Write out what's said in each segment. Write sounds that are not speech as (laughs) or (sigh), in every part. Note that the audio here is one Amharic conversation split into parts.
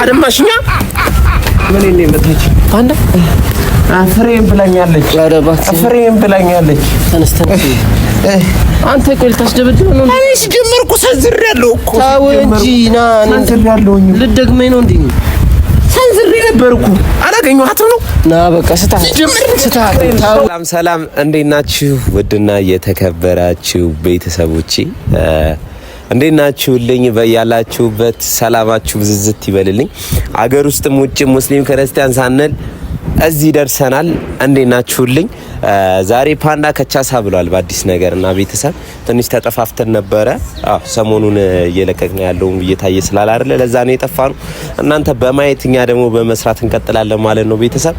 አደማሽኛ ምን እኔ መጣች አንድ ፍሬም ብላኛለች። ፍሬም ብላኛለች። አንተ ቆይ ልታስደበድብ ነው? እኔ ሲጀመር እኮ ሰንዝሬያለሁ እኮ ተው እንጂ ና ልደግመኝ ነው እንዴ? ሰንዝሬ ነበር አላገኘኋትም ነው። ና በቃ ስታት ስታት። ሰላም ሰላም፣ እንዴት ናችሁ? ውድና የተከበራችሁ ቤተሰቦቼ እንዴት ናችሁልኝ? በያላችሁበት ሰላማችሁ ብዝዝት ይበልልኝ። አገር ውስጥም ውጭ ሙስሊም ክርስቲያን ሳንል እዚህ ደርሰናል። እንዴት ናችሁልኝ? ዛሬ ፓንዳ ከቻሳ ብሏል በአዲስ ነገር እና ቤተሰብ ትንሽ ተጠፋፍተን ነበረ። ሰሞኑን እየለቀቅን ያለውን እየታየ ስላል አይደለ፣ ለዛ ነው የጠፋ ነው። እናንተ በማየት እኛ ደግሞ በመስራት እንቀጥላለን ማለት ነው ቤተሰብ።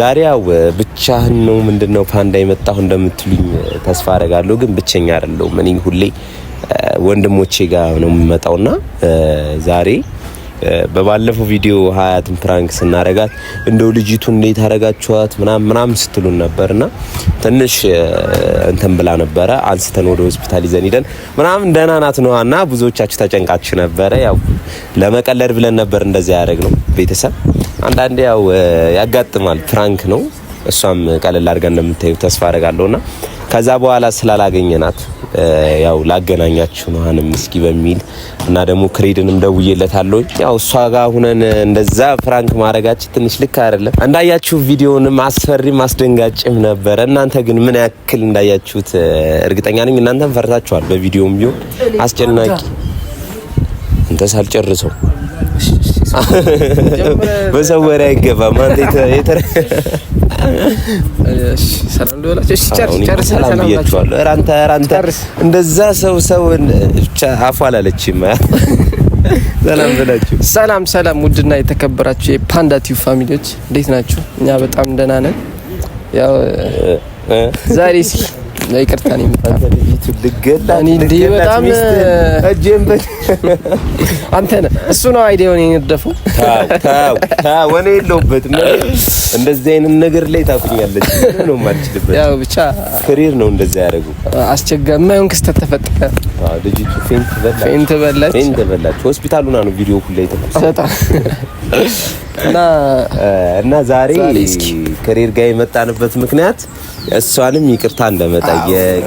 ዛሬ ያው ብቻህን ነው ምንድን ነው ፓንዳ የመጣሁ እንደምትሉኝ ተስፋ አደርጋለሁ። ግን ብቸኛ አይደለሁም እኔ ሁሌ ወንድሞቼ ጋር ነው የምመጣውና ዛሬ በባለፈው ቪዲዮ ሀያትን ፕራንክ ስናረጋት እንደው ልጅቱ እንዴት አረጋችኋት ምናምን ምናምን ስትሉን ነበርና ትንሽ እንትን ብላ ነበረ። አንስተን ወደ ሆስፒታል ይዘን ሂደን ምናምን ደህና ናት ነው እና ብዙዎቻችሁ ተጨንቃችሁ ነበረ። ያው ለመቀለድ ብለን ነበር እንደዚያ ያደረግ ነው። ቤተሰብ አንዳንዴ ያው ያጋጥማል፣ ፕራንክ ነው። እሷም ቀለል አድርገን እንደምታዩ ተስፋ አረጋለሁና ከዛ በኋላ ስላላገኘናት ያው ላገናኛችሁ ነሃንም እስኪ በሚል እና ደግሞ ክሬድንም ደውዬለታለሁ። ያው እሷ ጋር ሁነን እንደዛ ፍራንክ ማድረጋችን ትንሽ ልክ አይደለም። እንዳያችሁ ቪዲዮንም አስፈሪም አስደንጋጭም ነበረ። እናንተ ግን ምን ያክል እንዳያችሁት እርግጠኛ ነኝ። እናንተም ፈርታችኋል። በቪዲዮም ቢሆን አስጨናቂ እንተ ሳልጨርሰው በሰው (laughs) ወሬ አይገባም። አንተ የተረ ሰላም ልበላችሁ። ሰላም ብያችኋለሁ። እንደዛ ሰው ሰው አላለችም። (laughs) ሰላም ብላችሁ ሰላም ሰላም። ውድና የተከበራችሁ የፓንዳ ቲዩብ ፋሚሊዎች እንዴት ናችሁ? እኛ በጣም ደህና ነን። ያው ዛሬ እስኪ ይቅርታ ነው (laughs) አንተ ነህ እሱ ነው አይዲያውን የነደፈው። ወኔ የለውበትም። እንደዚህ አይነት ነገር ላይ ታቁኛለች ነው የማልችልበት። ያው ብቻ ክሪር ነው እንደዚህ ያደረጉ አስቸጋሪ የማይሆን ክስተት ተፈጠረ። ልጅቱ ፌንት በላች፣ ፌንት በላች። ሆስፒታሉና ነው ቪዲዮ ሁላ (laughs) እና ዛሬ ክሪር ጋር የመጣንበት ምክንያት እሷንም ይቅርታ እንደመጠየቅ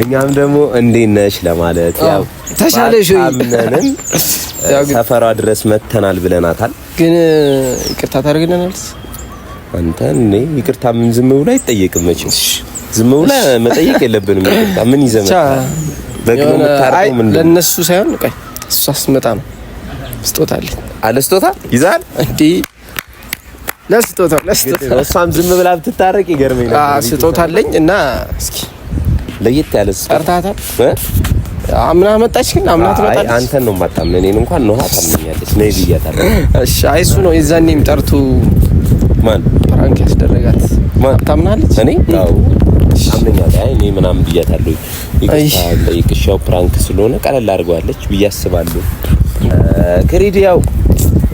እኛም ደግሞ እንዴት ነሽ ለማለት ያው ተሻለሽ አምነንም (laughs) ሰፈሯ ድረስ መተናል ብለናታል። ግን ይቅርታ ታደርግልናል? አንተ እኔ ይቅርታ ምን ዝም ብሎ አይጠየቅም። መቼም ዝም ብሎ መጠየቅ የለብንም። ይቅርታ ምን ይዘመ በግሎ ምታርቁ ምን ለነሱ ሳይሆን እሷ ስትመጣ ነው። ስጦታ አለ አለ ስጦታ ይዛል እንዴ ለስጦታው ለስጦታው እሷም ዝም ብላ ብትታረቅ ይገርመኝ ነበር። ስጦታ አለኝ እና እስኪ ለየት ያለ ጠርታታል። አምና መጣች፣ ግን አምና ትመጣለች። አንተን ነው የማታምን እኔን እንኳን ነው ታምኛለች። ነይ ብያታለሁ። እሺ አይ እሱ ነው የዛኔም ጠርቱ ማን ፕራንክ ያስደረጋት ማን ታምናለች። እኔ አዎ አምነኛለሁ። አይ እኔ ምናምን ብያታለሁ። ይቅሻው ፕራንክ ስለሆነ ቀለል አድርገዋለች ብዬ አስባለሁ። ክሪድ ያው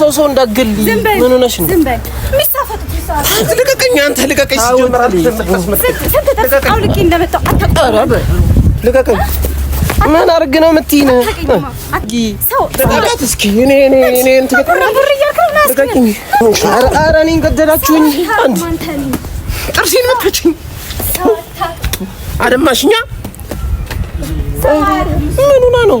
ሰው ሰው እንዳትገል ምን ሆነሽ ነው? ልቀቀኝ አንተ ልቀቀኝ። ልቀቀኝ። ምን አድርግ ነው የምትይኝ? ኧረ እኔን ገደላችሁኝ። አንድ ጥርሴን መታችኝ። አደማሽኛ ምን ሆና ነው?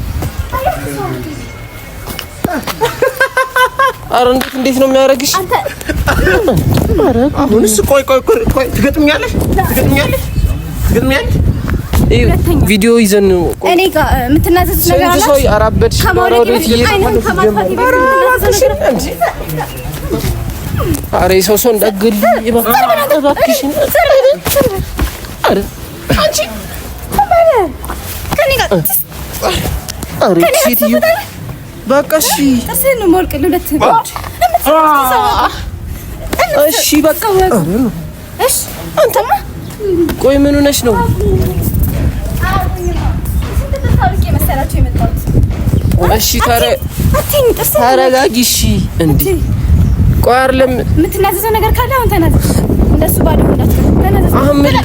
አረ እንዴት እንዴት ነው የሚያደርግሽ? አሁንስ ቆይ ቆይ ቆይ ቆይ ትገጥሚያለሽ፣ ትገጥሚያለሽ፣ ትገጥሚያለሽ። ቪዲዮ ይዘን እኔ ጋር የምትናዘዙት ነገር አለ። ሰው አራበድሽ አረ ሰው ሰው እንዳትገል እባክሽን። አረ አንቺ ከኔ ጋር አረ ሴትዮ በቃ እሺ፣ ቆይ ምን ሆነሽ ነው? እሺ፣ ተረጋጊ። እሺ፣ እንዴ ቆይ አይደለም የምትናዘዘው ነገር ካለ አሁን ተናዘዝ። እንደሱ ባዶ ሆናችሁ ተናዘዝ። አሁን ምን?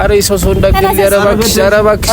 ኧረ የሰው ሰው እንዳትገልኝ። ኧረ እባክሽ፣ ኧረ እባክሽ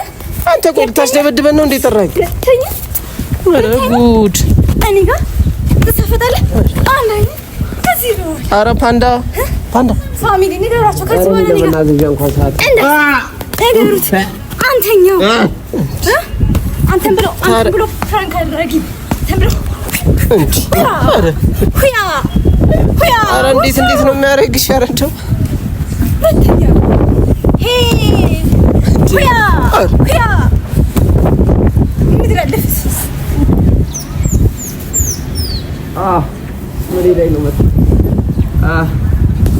አንተ ቆይ ልታስደበድበን ነው እንዴ? ጠራኝ። ኧረ ጉድ! እኔ ጋር ትሳፈጣለህ? ኧረ ፓንዳ ፓንዳ ፋሚሊ ንገራቸው። አንተኛው አንተን ብሎ አንተን ብሎ ፍራንክ አደረጊ እንዴት እንዴት ነው የሚያደርግሽ? ኧረ እንደው ሁያ ሁያ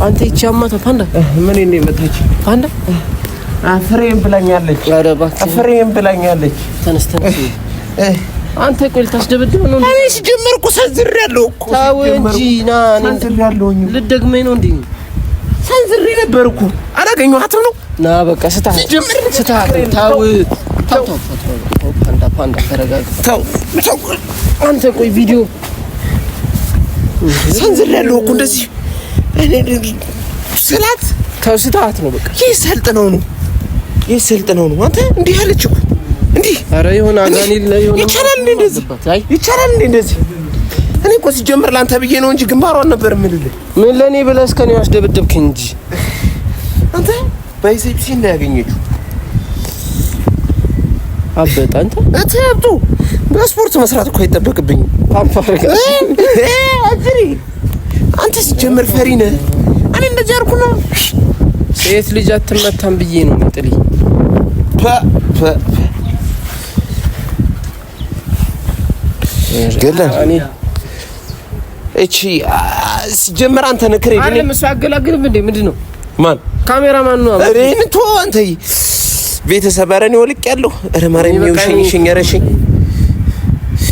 አንተ ይቺ አማታ ፓንዳ ምን እንደ መታች ፓንዳ አፍሬም ብላኛለች። ኧረ እባክህ አፍሬም ብላኛለች። ተነስ ተነስ። አንተ ቆይ ልታስደበድብ ነው? እኔ ሲጀመር እኮ ያለው እኮ። ታው እንጂ ና። ልትደግመኝ ነው እንዴ? ሰንዝሬ ነበር አላገኘኋትም ነው። ና በቃ ስታት ስታት። ታው ታው ታው ፓንዳ ፓንዳ ተረጋጋ። ታው ታው አንተ ቆይ ቪዲዮ ሰንዝሬያለሁ እኮ እንደዚህ ስላት ተውስታት ነው በቃ ይህ ሰልጥ ነው ነው ይህ ሰልጥ ነው ነው አንተ እንዲህ ያለችው እንዲህ ኧረ የሆነ አጋኒል ላይ የሆነ ይቻላል እንዴ እንደዚህ ይቻላል እንዴ እንደዚህ እኔ እኮ ሲጀምር ላንተ ብዬ ነው እንጂ ግንባሯን ነበር የምልልህ። ምን ለኔ ብለህ እስከ እኔ አስደበደብከኝ እንጂ አንተ ባይሴፕሲ እና ያገኘችው አበጣ አንተ አንተ አብጡ በስፖርት መስራት እኮ አይጠበቅብኝም። ታንፋርጋ አንተ ሲጀመር ፈሪ ነህ። እኔ እንደዚህ አልኩ ነው። ሴት ልጅ አትመታም ብዬ ነው ጥሊ ገለን እቺ ሲጀመር አንተ ነክሬ እኔ አንተ መስዋ አገላግልም እንዴ? ምንድን ነው ማን ካሜራማን ነው? እኔ እንትን አንተ ቤተሰብ ኧረ እኔ ወልቅ ያለሁ ኧረ ማርያም ይሽኝ ይሽኝ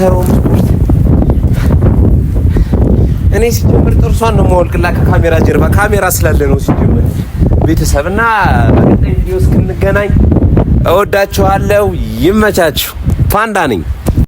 የምሰራው ስፖርት እኔ ሲጀምር ጥርሷን ነው የማወልቅላት ከካሜራ ጀርባ ካሜራ ስላለ ነው ሲጀምር። ቤተሰብ እና በቀጣይ ቪዲዮ እስክንገናኝ እወዳችኋለሁ። ይመቻችሁ። ፓንዳ ነኝ።